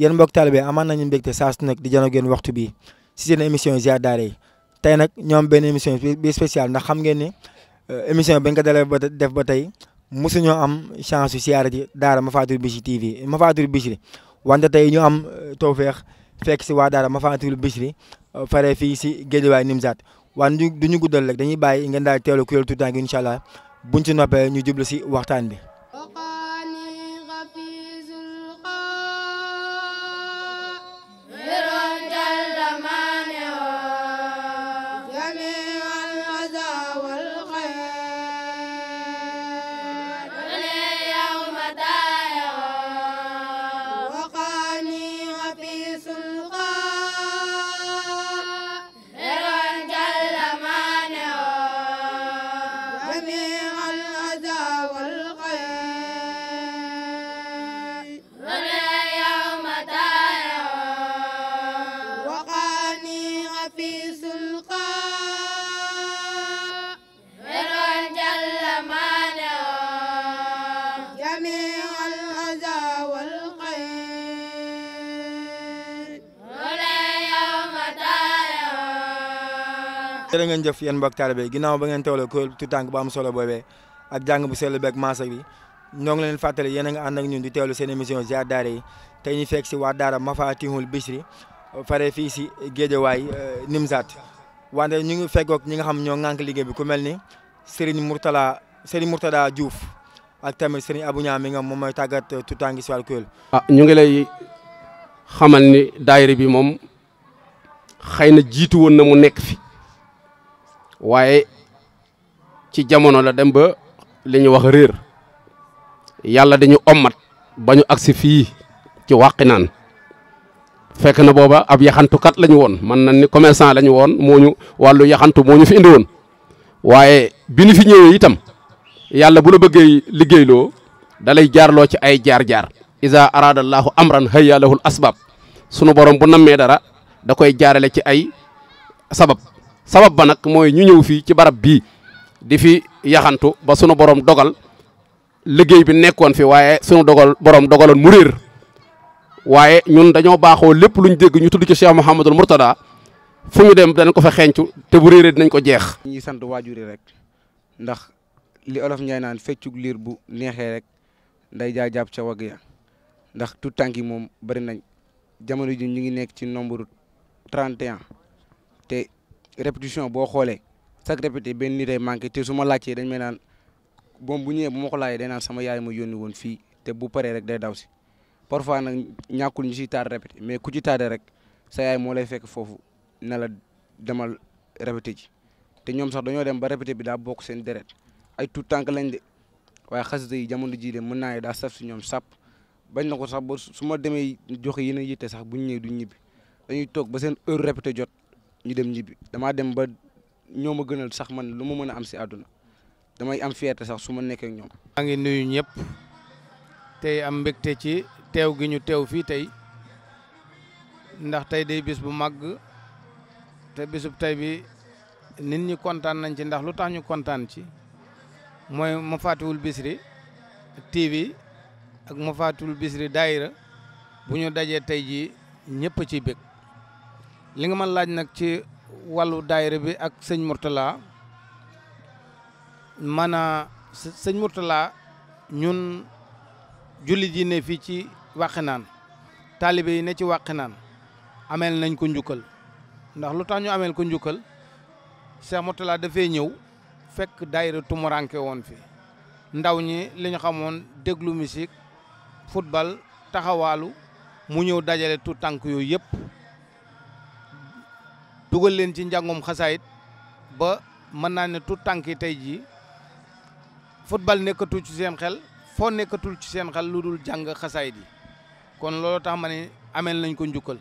yéen mbokk taalibe amaan nañu mbégte saa su nekk di jano geen waxtu bi si seen émission ziar daara yi tey nag ñoom benn émission bi spéciale ndax xam ngeen ni euh, émission bañ ko dalee ba def ba tey mosuñoo am chance su siyaare ji daara Mafaatihul Bichri TV Mafaatihul Bichri wante tey ñu am euh, tawfeex fekk si waa daara Mafatihul Bichri euh, faree fii si Guédiawaye Nimzaat waaye du ñu guddal rek dañuy bàyyi ngeen daal teelu kuréel tuutànk incha allah buñ si noppee ñu jublu si waxtaan bi jërë ngeen jëf yéen mbokk taalibe ginnaaw ba ngeen teewloo kuréel tuutànk bu am solo boobee ak jàng bu sell beeg maasa bi ñoo ngi leen fàttali yéen a nga ak ñun di teewlu seen émission ziar daara yi tey ñu fekk si waa daara Mafatihul Bichri fare fii si Géejawaay euh, Nimzaat wante ñu ngi fekkoog ñi nga xam ñoo ŋànk liggéey bi ku mel ni Serigne Mourtala Serigne Mourtada Diouf ak tamit Serigne Abou Niang mi nga moom mooy tàggat euh, tuutànk si wàllu kuréel ah ñu ngi lay xamal ni daayira bi moom xëy na jiitu na mu nekk fi waaye ci jamono la dem ba li ñu wax réer yàlla dañu ommat ba ñu agsi fii ci naan fekk na booba ab yaxantukat lañu ñu woon man na ni commerçant lañu ñu woon moo ñu wàllu yaxantu moo ñu fi indi woon waaye bi ñu fi ñëwee itam yàlla bu la bëggee liggéeyloo da lay jaarloo ci ay jaar-jaar isa araada allahu amran hayya lahul asbab sunu borom bu nammee dara da koy jaarale ci ay sabab sabab ba nag mooy ñu ñëw fii ci barab bii di fi yaxantu ba sunu borom dogal liggéey bi nekkoon fi waaye sunu dogal borom dogaloon mu réer waaye ñun dañoo baaxoo lépp luñ dégg ñu tudd ci Cheikh Mouhamadul Mourtada fu ñu dem danañ ko fa xeeñcu te bu réeree dinañ ko jeex. ñuy sant waajur rek ndax li olof Ndiaye naan feccug liir bu neexee rek nday jaa jàpp ca wagg ya ndax tout tànk moom bari nañ jamono ji ñu ngi nekk ci nombre 31. répétition boo xoolee chaque répété benn nit ay manqué te su ma laajtee dañ may naan boom bu ñëwee bu ma ko laajee day naan sama yaay ma yónni woon fii te bu paree rek day daw si parfois nag ñàkkul ñu si taar répété mais ku ci taaree rek sa yaay moo lay fekk foofu ne la demal répété ji te ñoom sax dañoo dem ba répété bi daa bokk seen deret ay tout tànk lañ de waaye xasida yi jamono jii de mën naa ne daa saf si ñoom sàpp bañ na ko sax ba su ma demee joxe yeneen yitte sax bu ñu duñ ñibbi dañuy toog ba seen heure répété jot ñu dem ñibbi damaa dem ba ñoo ma gënal sax man lu ma mën a am si àdduna damay am fierté sax su ma nekkee ak ñoom. maa ngi nuyu ñëpp tey am mbégte ci teew gi ñu teew fii tey ndax tey day bis bu màgg te bisub tey bi nit ñi kontaan nañ ci ndax lu tax ñu kontaan ci mooy Mafaatihul Bichri TV ak Mafaatihul Bichri daayira bu ñu dajee tey jii ñëpp ciy bég li nga mën laaj nag ci wàllu daayira bi ak sëñ Mourtala maanaa sëñ Mourtala ñun jullit yi ne fii ci Waxinaan taalibe yi ne ci Waxinaan ameel nañ ko njukkal ndax lu tax ñu ameel ko njukkal Cheikh Mourtala dafay ñëw fekk daayira tumuranke woon fi ndaw ñi li ñu xamoon déglu musique football taxawaalu mu ñëw dajale tout tànk yooyu yëpp dugal leen ci njàngum xasaayit ba mën naa ne tout tànk yi tey jii football nekkatul ci seen xel foo nekkatul ci seen xel lu dul jàng xasaayit yi kon loolu tax ma ne ameel nañ ko njukkal